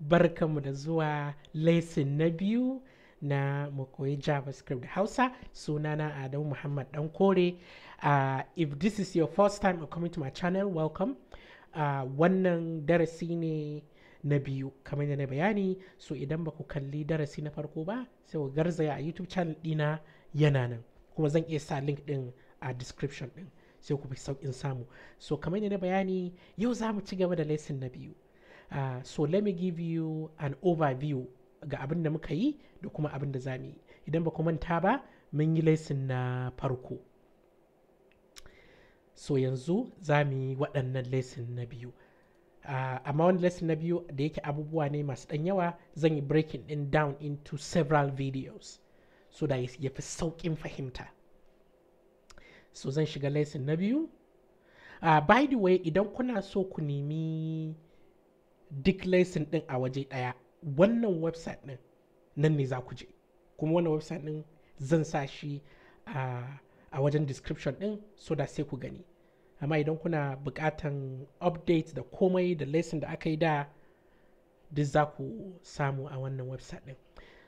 barkanmu da zuwa lesson na biyu na mu koyi javascript hausa sunana adamu muhammad dan kore uh, if this is your first time of coming to my channel welcome uh, wannan darasi ne na biyu kamar da bayani so idan ba ku kalli darasi na farko ba sai ku garzaya a youtube channel dina yana nan kuma zan iya sa link din a description din sai ku fi sauƙin samu so kamar da na bayani yau za mu ci gaba da lesson na biyu uh, so let me give you an overview ga abin da muka yi da kuma abin da za mu yi idan ba ku manta ba mun yi lesson na farko so yanzu za mu yi waɗannan lesson na biyu uh, amma wani lesson na biyu da yake abubuwa ne masu ɗan yawa zan yi breaking in down into several videos so da ya fi sauƙin fahimta so zan shiga lesson na biyu uh, by the way idan kuna so ku nemi duk laisin din a waje ɗaya wannan website ɗin nan ne za ku je kuma wannan website din zan sa shi a wajen description ɗin so da sai ku gani amma idan kuna buƙatan update da komai da laisin da aka yi da duk za ku samu a wannan website ɗin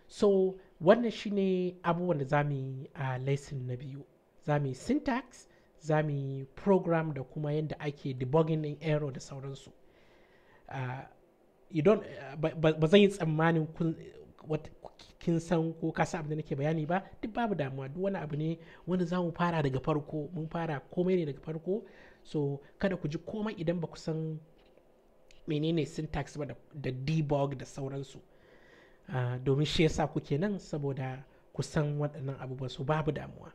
so wannan shi ne abubuwan da za mu yi a laisin na biyu za mu yi syntax za mu yi program da kuma yadda ake debugging in error da sauransu Uh, you uh, ba zan yi tsammanin kun kin san ko ka san abin da nake bayani ba duk babu damuwa duk wani abu ne wani za mu fara daga farko mun fara komai ne daga farko so kada ku ji komai idan ba ku san menene syntax ba da debug da sauransu uh, domin shi yasa kuke nan saboda ku san waɗannan abubuwan so babu damuwa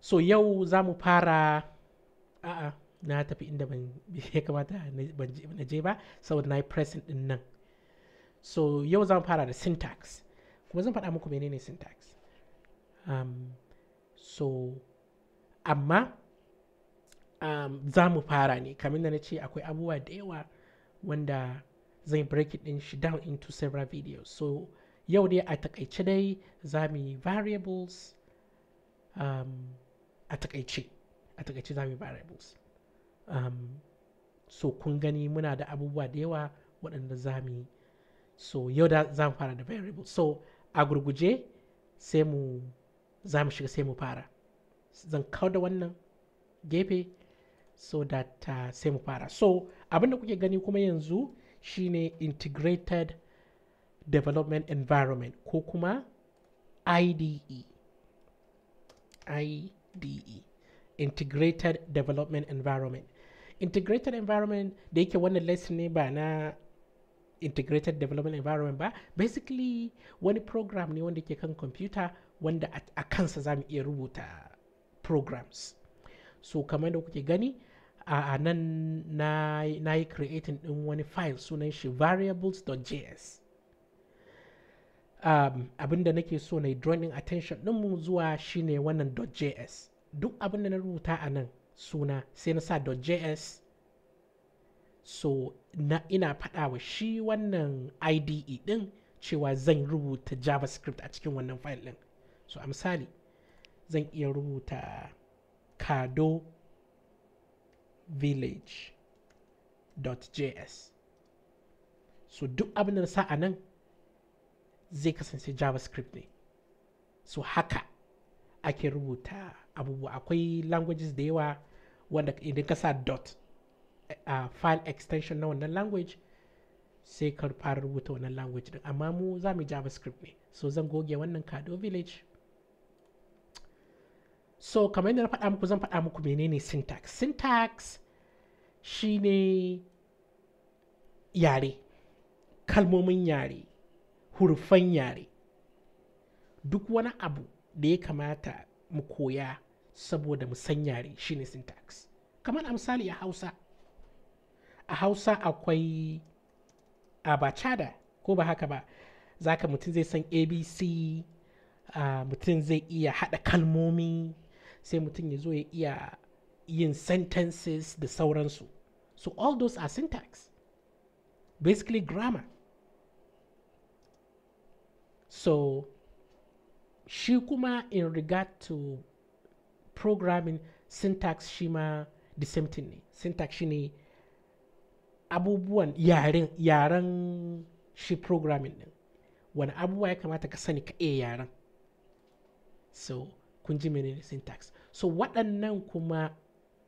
so yau za mu fara a'a na tafi inda ban ya kamata na je ba saboda na yi present din nan so yau zan fara da syntax kuma zan faɗa muku menene syntax um, so amma um, za mu fara ne kamar da na ce akwai abubuwa da yawa wanda zan yi break it din shi down into several videos so yau dai a takaice dai za mu yi variables um, a takaice a takaice za mu yi variables um, so kun gani muna da abubuwa da yawa waɗanda za mu so yau da za mu fara da variable so a gurguje sai mu za mu shiga sai mu fara zan kawo da wannan gefe so that ah, sai mu fara so abinda kuke gani kuma yanzu shine integrated development environment ko kuma IDE IDE integrated development environment integrated environment da yake wannan lesson ne ba na integrated development environment ba basically wani program ne wanda ke kan computer wanda a kansa za mu iya rubuta programs so kamar da kuke gani a nan na yi creating din wani file sunan shi variables.js um, abinda nake so na drawing attention ɗinmu zuwa shine wannan .js duk abinda na rubuta a nan suna sai na sa .js so na ina faɗa wa shi wannan IDE ɗin cewa zan rubuta JavaScript a cikin wannan file ɗin so a misali zan iya rubuta kado village.js so duk abin da na sa a nan zai kasance javascript ne so haka ake rubuta abubuwa akwai languages da yawa wanda idan ka sa dot eh, a file extension na wannan language sai ka fara rubuta wannan language din amma mu za mu javascript ne so zan goge wannan kado village so kamar yadda na faɗa muku zan faɗa muku menene syntax syntax shine yare kalmomin yare hurufan yare duk wani abu da ya kamata mu koya saboda mu san yare shine syntax kamar a misali a hausa a hausa akwai abacada ko ba haka ba zaka mutum zai san abc uh, mutinze zai iya hada kalmomi sai mutum ya zo ya iya yin sentences da sauransu so all those are syntax basically grammar so shi kuma in regard to programming syntax shi ma the same thing ne syntax shi ne abubuwan yaren yaren shi programming din wani abubuwa ya kamata ka sani ka iya yaren so kun ji menene syntax so waɗannan kuma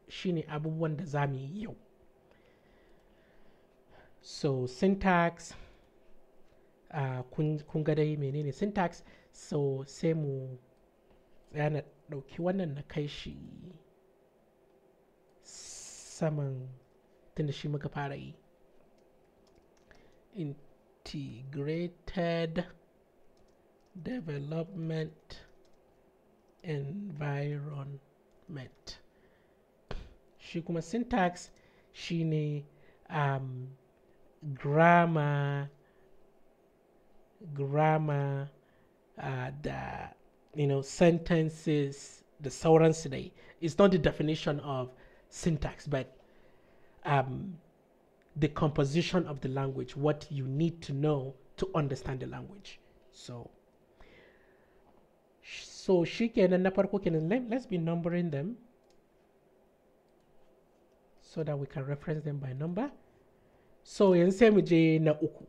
shine abubuwan da za mu yi yau so syntax uh, kun, kun ga dai menene syntax so sai mu tsaya ɗauki wannan na kai shi saman tunda shi muka fara yi integrated development environment shi kuma syntax shine um, grammar grammar uh, da you know, sentences, the Sauron's today. It's not the definition of syntax, but um, the composition of the language, what you need to know to understand the language. So, so she can and Naparko can, let's be numbering them so that we can reference them by number. So, in mu na uku.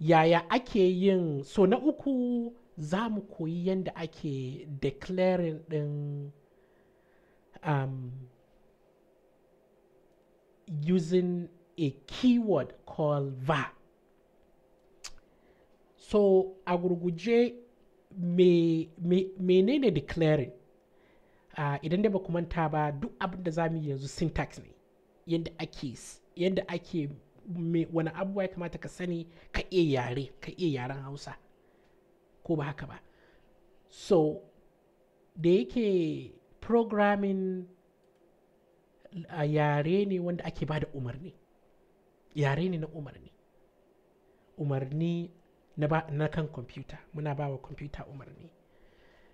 Yaya ake yin, so na uku za mu koyi yadda ake declaring ɗin um, using a keyword called va. so a gurguje menene me, me declaring idan da ba ku manta ba duk abin da za mu yanzu syntax ne yadda ake yadda ake wani abubuwa ya kamata ka sani ka iya yare ka iya yaren hausa ko ba haka ba so da yake programming a yare ne wanda ake ba da umarni yare ne na umarni umarni na ba na kan kwamfuta muna ba wa kwamfuta umarni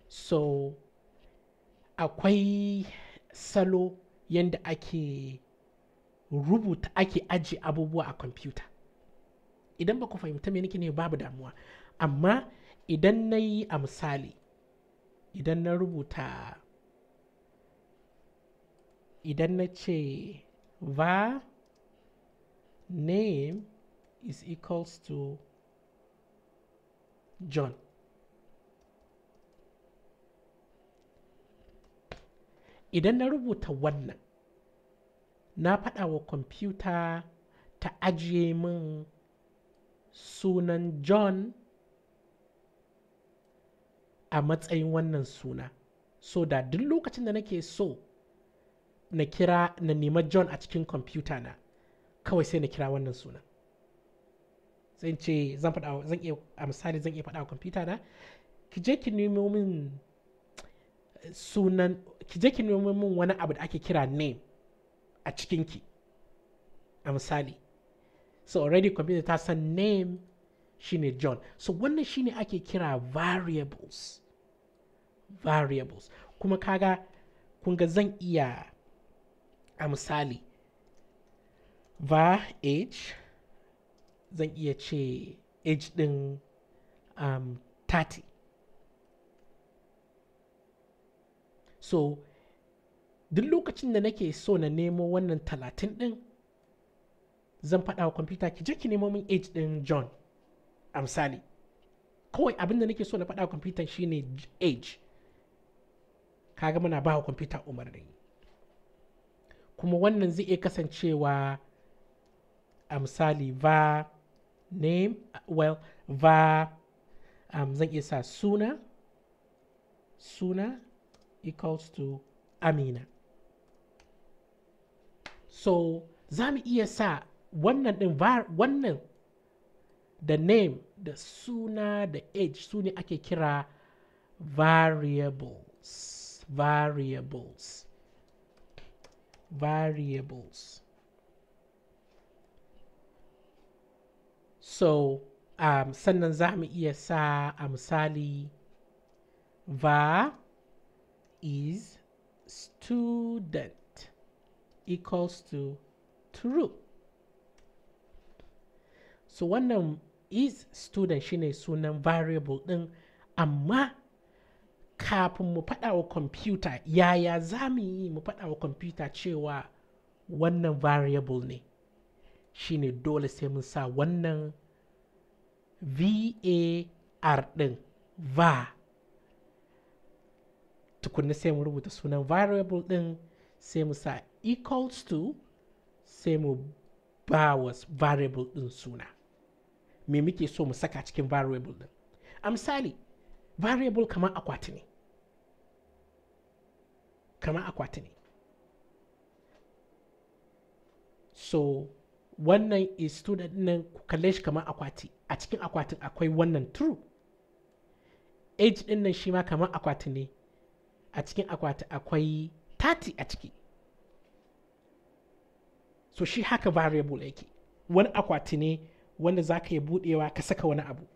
so akwai salo yadda ake rubuta ake ajiye abubuwa a kwamfuta idan ba ku fahimta me nake ne babu damuwa amma idan na yi a misali idan na rubuta idan na ce va name is equals to john idan na rubuta wannan na faɗa wa kwamfuta ta ajiye min sunan john a matsayin wannan suna so da duk lokacin da nake so na kira na nema john a cikin kwamfuta na kawai sai na kira wannan suna zan ce zan faɗa zan iya a misali zan iya faɗa a kwamfuta na ki je ki nemo min sunan ki je ki nemo min wani abu da ake kira name a cikin ki a misali so already computer ta san name shine john so wannan shine ake kira variables variables kuma kaga kunga zan iya a misali var age zan iya ce age din um, 30 so duk lokacin da nake so na nemo wannan 30 din zan faɗa wa kwamfuta ki je ki nemo min age din john a misali kawai abin da nake so na faɗa wa kwamfuta shine age kaga muna ba wa kwamfuta umarni kuma wannan zai iya kasancewa a misali va name well va um, zan iya sa suna suna equals to amina so za mu iya sa wannan din wannan da name da suna da age su ne ake kira variables variables variables so um, sannan za mu iya sa a misali va is student equals to true so wannan is student shine sunan variable din amma kafin mu faɗa wa kwamfuta yaya za mu yi mu faɗa wa kwamfuta cewa wannan variable ne shine dole sai mun sa wannan var ɗin va tukunna sai mu rubuta sunan variable ɗin sai mu sa equals to sai mu ba wa variable ɗin suna me muke so mu saka cikin variable ɗin a misali variable kamar akwati ne kamar akwati ne so wannan is student nan ku kalle shi kamar akwati a cikin akwatin akwai wannan true age din nan shi ma kamar akwati ne a cikin akwati akwai 30 a ciki so shi haka variable yake wani akwati ne wanda za ka yi budewa ka saka wani abu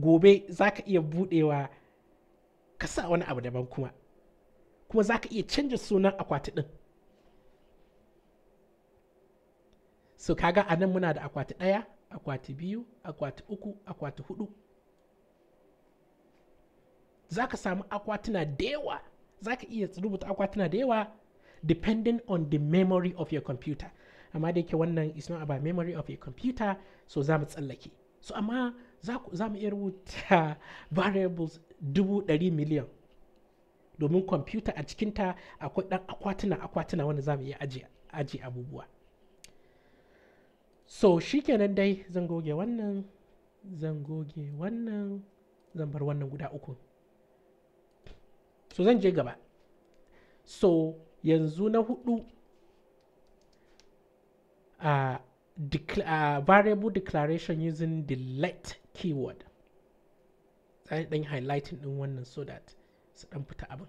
gobe za ka iya budewa ka sa wani abu daban kuma kuma za ka iya canja sunan akwati ɗin so kaga a nan muna da akwati ɗaya akwati biyu akwati uku akwati hudu za ka samu akwatuna da yawa za ka iya rubuta akwatuna da yawa depending on the memory of your computer amma da yake wannan is not about memory of your computer so za mu tsallake so amma za mu iya rubuta variables dubu ɗari miliyan domin kwamfuta a cikinta akwai ɗan akwatuna akwatuna wanda za mu iya aji abubuwa so shikenan dai zan goge wannan zan goge wannan zan bar wannan guda uku so zan je gaba so yanzu na hudu a uh, uh, ah, variable declaration using the let keyword za dan highlighting ɗin wannan so that su ɗan fita abin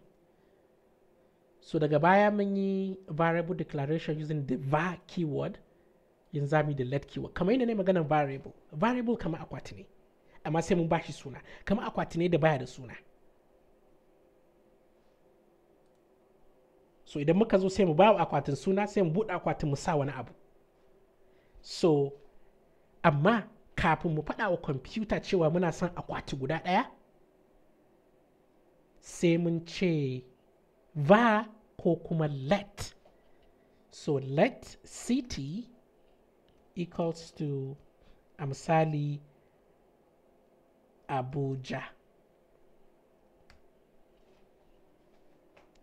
so daga baya mun yi variable declaration using the var keyword yanzu zami da let keyword kamar yadda ne maganar variable variable kamar akwati ne amma sai mun ba shi suna kamar akwati ne da baya da suna so idan muka zo sai mu ba akwatin suna sai mu buɗe akwatin mu sa wani abu so amma kafin mu faɗa wa kwamfuta cewa muna son akwati guda ɗaya sai mun ce va ko kuma let so let city equals to a misali abuja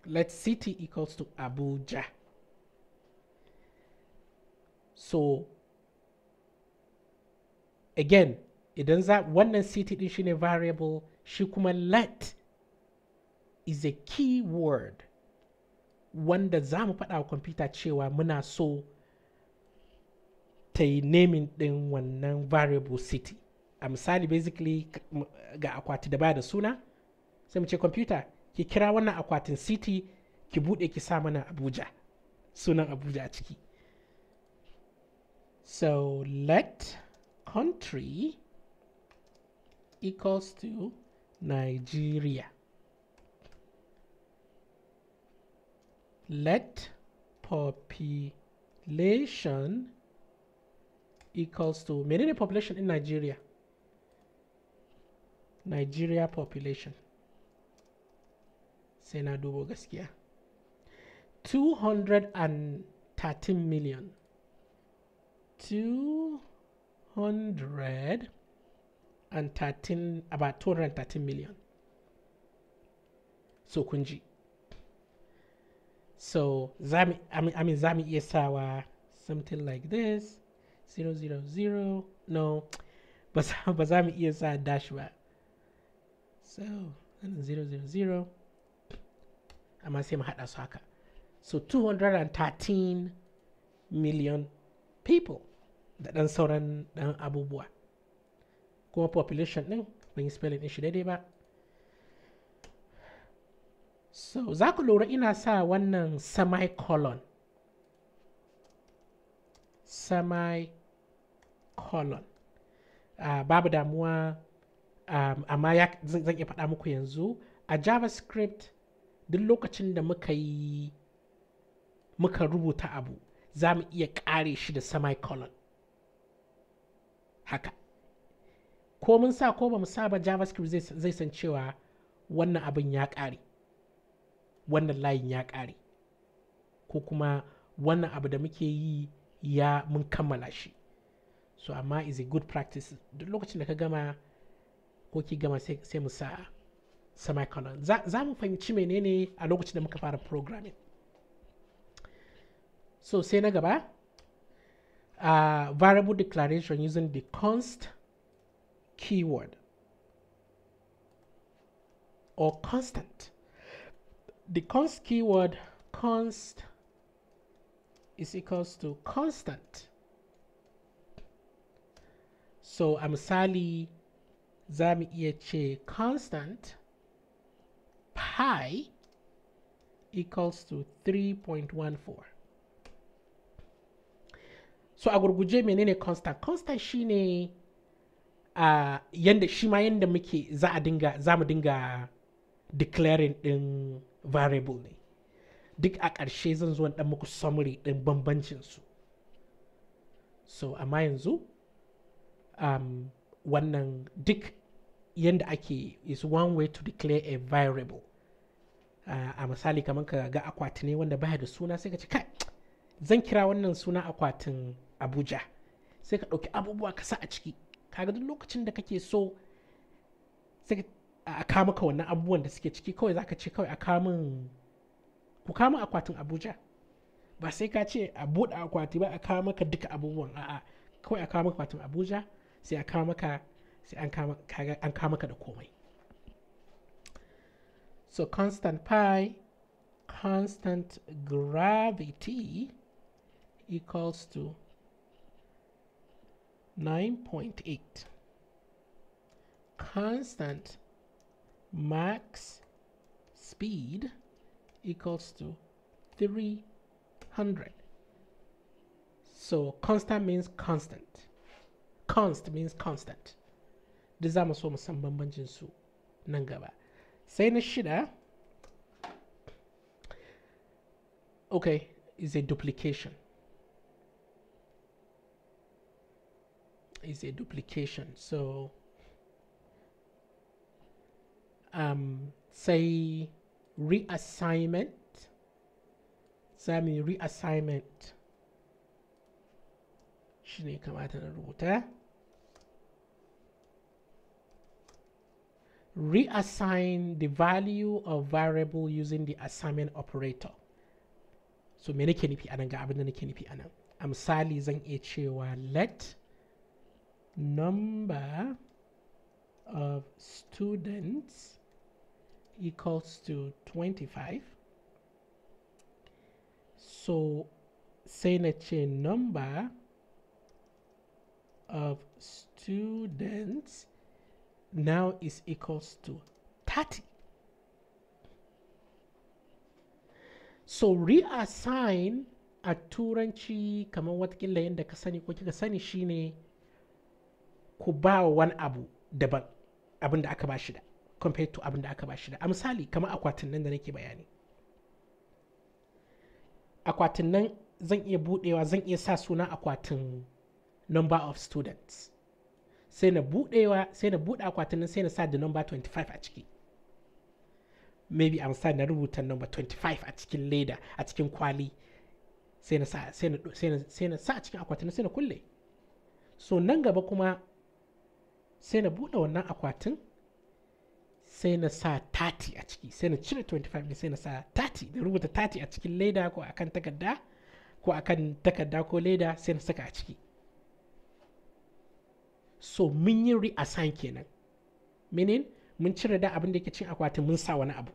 let city equals to abuja so again idan za wannan city din shine variable shi kuma let is a key word wanda za mu faɗa wa kwamfuta cewa muna so ta yi naming ɗin wannan variable city a misali basically ga akwati da ba da suna sai mu ce kwamfuta ki kira wannan akwatin city ki buɗe ki sa mana abuja sunan abuja a ciki so let country equals to Nigeria. Let population equals to menene population in Nigeria? Nigeria population. Sai dubo 213 million. 2 hundred and thirteen about two hundred and thirteen million so kun so zami I mean, I mean zami iya sawa something like this zero zero zero no ba za mu iya sa dash ba so nan zero zero zero amma sai mu haɗa su haka so thirteen million people da ɗan sauran ɗan eh, abubuwa kuma population ɗin ban yi spelling ɗin shi daidai ba so za ku lura ina sa wannan semicolon semicolon uh, ah, babu damuwa um, amma zan iya faɗa muku yanzu a ah, javascript duk lokacin da muka yi muka rubuta abu za mu iya ƙare shi da semicolon haka ko mun sa ko ba mu sa ba javascript zai san cewa wannan abin ya ƙare wannan layin ya ƙare ko kuma wannan abu da muke yi ya mun kammala shi so amma is a good practice duk lokacin da ka gama ko ki gama sai mu sa semicolon za mu fahimci menene a lokacin da muka fara programming so sai na gaba uh, variable declaration using the const keyword or constant. The const keyword const is equals to constant. So I'm Sally mu constant pi equals to 3.14. so a gurguje menene constant constant shine a yanda shi ma yanda muke za a dinga za mu dinga declaring din variable ne duk a ƙarshe zan zo dan muku summary din bambancin su so amma yanzu um, wannan duk yanda ake is one way to declare a variable a misali kamar ka ga akwati ne wanda baya da suna sai ka ce kai zan kira wannan suna akwatin abuja sai ka ɗauki abubuwa ka sa a ciki kaga duk lokacin da kake so sai a kama maka wannan abubuwan da suke ciki kawai zaka ce kawai a kamun ku kama akwatin abuja ba sai ka ce a buɗe akwati ba a kama ka duka abubuwan a'a kawai a kama akwatin abuja sai a kama ka sai an kama ka da komai so constant pi constant gravity equals to 9.8 constant max speed equals to 300 so constant means constant const means constant This za mu so mu san bambancin su nan gaba shida ah. okay is a duplication is a duplication. So um, say reassignment. So I mean reassignment. shine kamata na router. reassign the value of variable using the assignment operator so many kenipi nufi anan ga abin da nake nufi using a misali let number of students equals to 25 so sai na ce number of students now is equals to 30 so reassign a turanci kama watakila yadda ka sani ko kika sani shine ku ba wani abu daban abin da aka ba shi da compared to abin da aka ba shi da a misali kamar akwatin nan da nake bayani akwatin nan zan iya budewa zan iya sa suna akwatin number of students sai na budewa sai na bude akwatin nan sai na sa da number 25 a ciki maybe a misali na rubuta number 25 a cikin leda a cikin kwali sai na sa a cikin akwatin sai na kulle so nan gaba kuma sai na buɗe wannan akwatin sai na sa tati a ciki sai na cire 25 sai na sa tati na rubuta tati a cikin leda ko akan takarda ko akan takarda ko leda sai na saka a ciki so mun yi reassign kenan meaning mun cire da abin da yake cin akwatin mun sa wani abu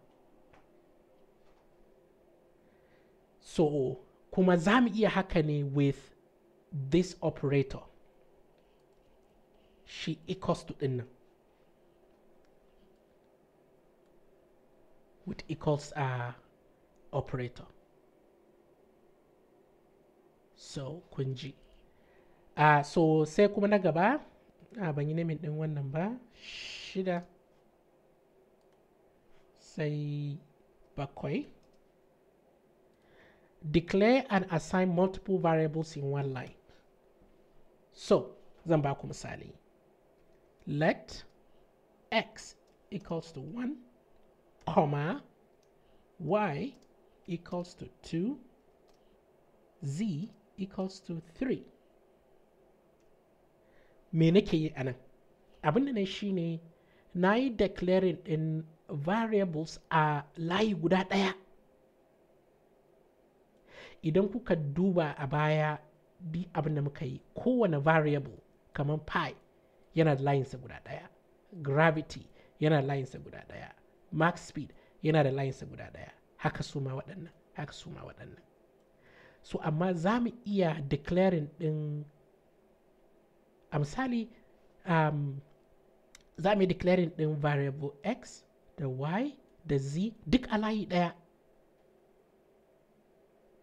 so kuma za mu iya haka ne with this operator shi ecost din nan with equals uh, a operator so kun ji uh, so sai kuma na gaba a ah, ban yi namin din wannan ba shida sai bakwai declare and assign multiple variables in one line so zan ba ku misali let x equals to 1 comma y equals to 2 z equals to 3 me nake yi anan abin da ne shine yi declaring in variables a layi guda daya idan kuka duba a baya duk abin da muka yi kowane variable kamar pi yana da layinsa guda ɗaya gravity yana da layinsa guda ɗaya max speed yana da layinsa guda ɗaya haka su ma waɗannan haka su ma waɗannan so amma za mu iya declaring ɗin a misali um, za mu yi declaring ɗin variable x da y da z duk a layi ɗaya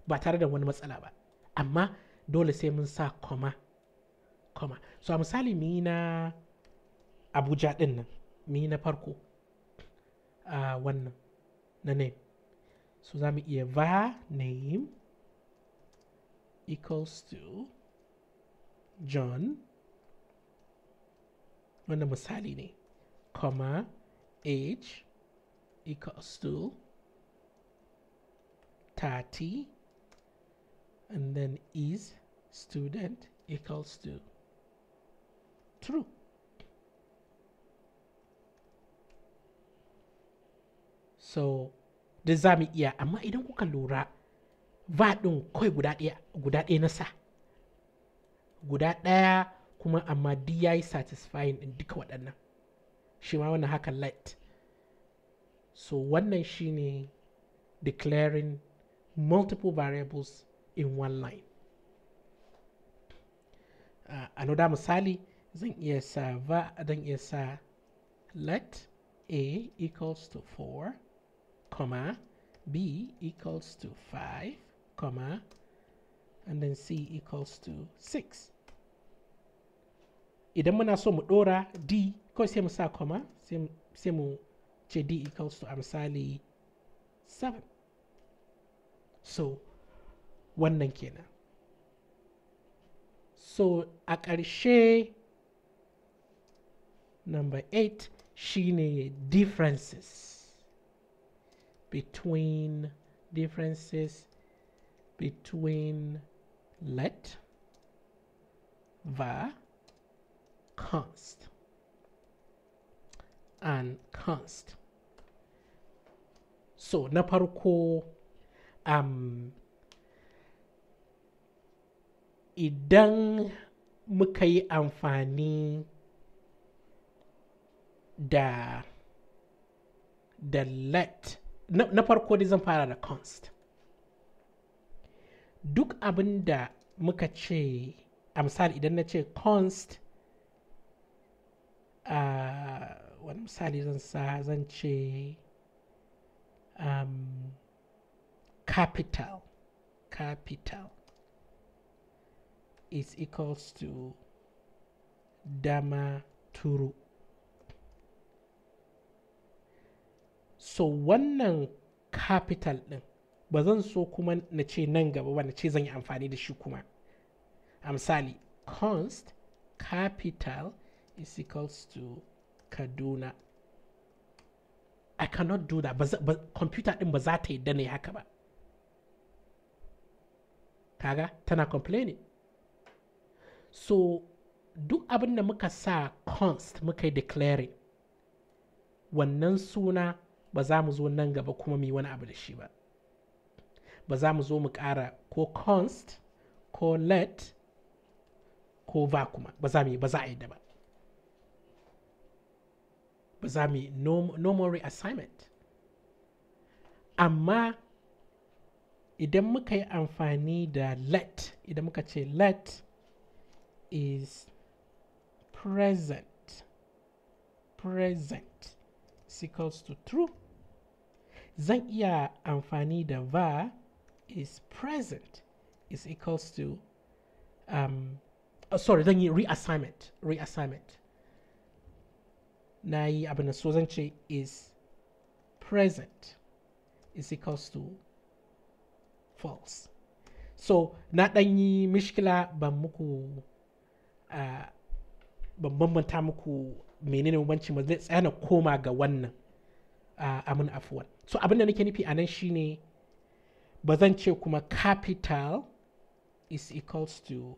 ba tare da wani matsala ba amma dole sai mun sa comma so a misali mu Mina, Abu abuja din nan mu one, na farko a wannan na name so za iya name equals to john wannan misali ne comma age equals to 30 and then is student equals to true. So, duk za mu iya, amma idan kuka lura ba ɗin kawai guda ɗaya guda ɗaya na sa. Guda ɗaya kuma amma duk ya yi satisfying ɗin duka waɗannan. Shi ma wani haka light. So, wannan shi ne declaring multiple variables in one line. Uh, another misali zan iya sa va zan iya sa let a equals to 4 comma b equals to 5 comma and then c equals to 6 idan muna so mu dora d ko sai mu sa comma sai mu ce d equals to amsali 7 so wannan kenan so a ƙarshe Number eight, shine differences between differences between let var const and const so naparuko um, idang muka yi fani. da da let na farko dai zan fara da const duk abin da muka ce a misali idan na ce const uh, wani misali zan sa zan ce um, capital capital is equals to dama turu so wannan capital ɗin ba zan so kuma na ce nan gaba ba na ce zan yi amfani da shi kuma a misali const capital is equals to kaduna i cannot do that ba computer ɗin ba za ta yi ne haka ba kaga tana complaining so duk abin da muka sa const muka yi declaring wannan suna ba za mu zo nan gaba kuma mu yi wani abu da shi ba ba za mu zo mu ƙara ko const ko let ko va kuma ba za mu yi ba za a yi da ba ba za mu yi no more reassignment amma idan muka yi amfani da let idan muka ce let is present present is equals to true zan iya amfani da va is present is equals to um, oh, sorry zan yi reassignment reassignment na yi abin da so zan ce is present is equals to false so na dan yi mishkila ban muku uh, ban bambanta muku menene bambanci mu zai tsaya koma ga wannan amin afuwan so abin da nake nufi a nan shine ba zan ce kuma capital is equals to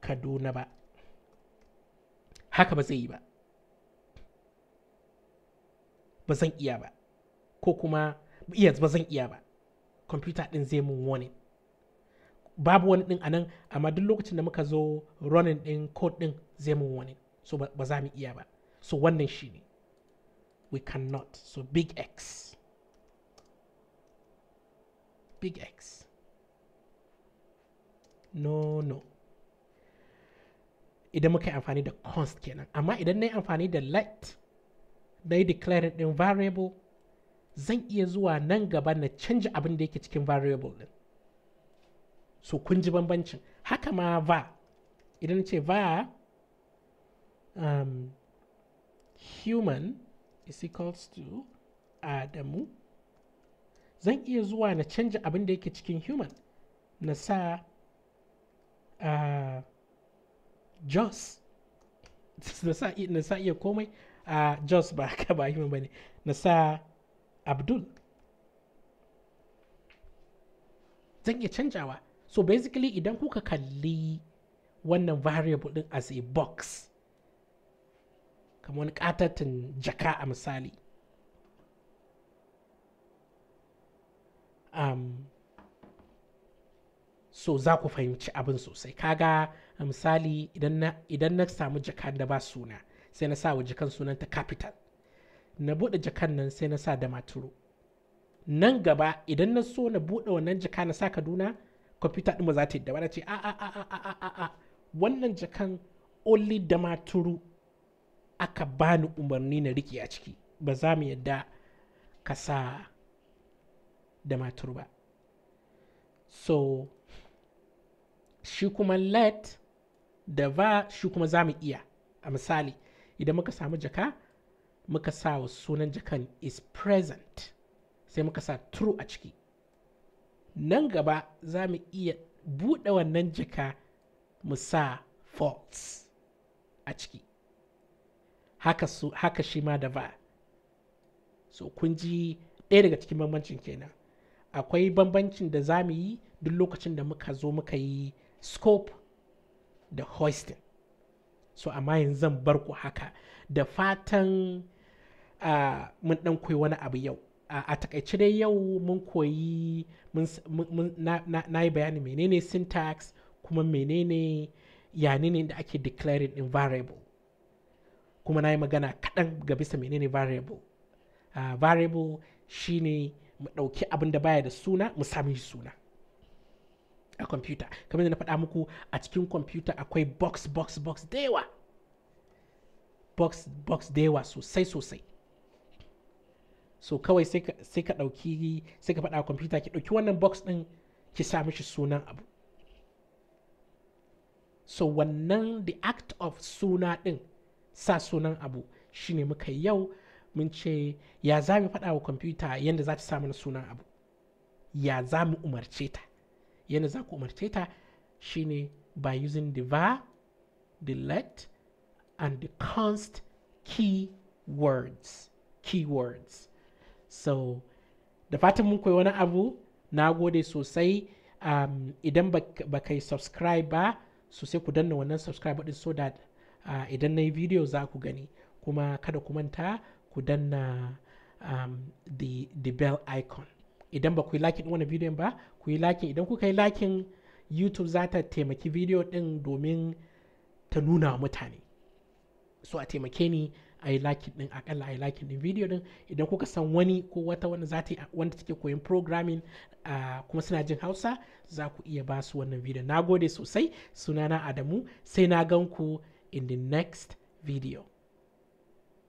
kaduna ba haka ba zai yi ba ba zan iya ba ko kuma yes ba zan iya ba computer din zai mun warning babu wani din anan amma duk lokacin da muka zo running din code din zai mun warning so ba za mu iya ba so wannan shi ne we cannot so big x big x no no idan muka yi amfani da const kenan amma idan na yi amfani da let na yi declare din variable zan iya zuwa nan gaba na canja abin da yake cikin variable din so kun ji bambancin haka ma va idan ce va um, human is equals to Adamu zan iya zuwa na canja abin da yake cikin human na sa uh, Jos na sa iya komai a uh, Jos ba ka ba human ba ne na sa Abdul zan iya canjawa so basically idan kuka kalli wannan variable din as a box kamar wani katatin jaka a misali um, so za ku fahimci abin sosai kaga a misali idan na samu jakan da ba suna sai na sa wa jakan sunanta capital na buɗe jakan nan sai na sa da maturu nan gaba idan na so na buɗe wannan jaka na sa kaduna kwamfuta ɗin ba za ta yi da ba na ce a a a a a a wannan jakan only da maturu aka bani umarni na riƙe a ciki ba za mu yadda ka sa da matur ba so shi kuma let da va shi kuma za mu iya a misali idan muka samu jaka muka sa wa sunan jakan is present sai muka sa true a ciki nan gaba za mu iya buɗe wannan jaka mu sa false a ciki haka su haka shi ma da ba so kun ji ɗaya daga cikin bambancin kenan akwai bambancin da za mu yi duk lokacin da muka zo muka yi scope da hoisting so amma yanzu zan bar ku haka da fatan uh, mun ɗan koyi wani abu yau uh, a takaice dai yau mun koyi na, na, na yi bayani menene syntax kuma menene yani da ake declaring in variable kuma na yi magana kaɗan ga bisa menene variable uh, variable shine mu ɗauki abin da baya da suna mu sami suna a kwamfuta kamar da na faɗa muku a cikin kwamfuta akwai box box box da yawa box box da yawa sosai sosai so kawai sai ka ɗauki sai ka faɗa kwamfuta ki ɗauki wannan box ɗin ki sami shi sunan abu so wannan the act of suna ɗin sa sunan abu shine muka yau mun ce ya za mu faɗa wa kwamfuta yadda za ta sa mana sunan abu ya za mu umarce ta yadda za ku umarce ta shine by using the va the let and the const key words so da fatan mun koyi wani abu na gode sosai um, idan ba kai subscribe ba sosai ku danna wannan subscribe din so that idan na yi bidiyo za ku gani kuma kada ku manta ku danna um, the, bell icon idan ba ku yi lakin wani bidiyon ba ku yi lakin idan kuka yi lakin youtube za ta taimaki bidiyo din domin ta nuna mutane so a taimake ni a yi lakin din akalla a yi lakin din bidiyo din idan kuka san wani ko wata wanda za ta wanda take koyin programming uh, kuma suna jin hausa za ku iya ba su wannan bidiyon na gode sosai sunana adamu sai na gan ku in the next video.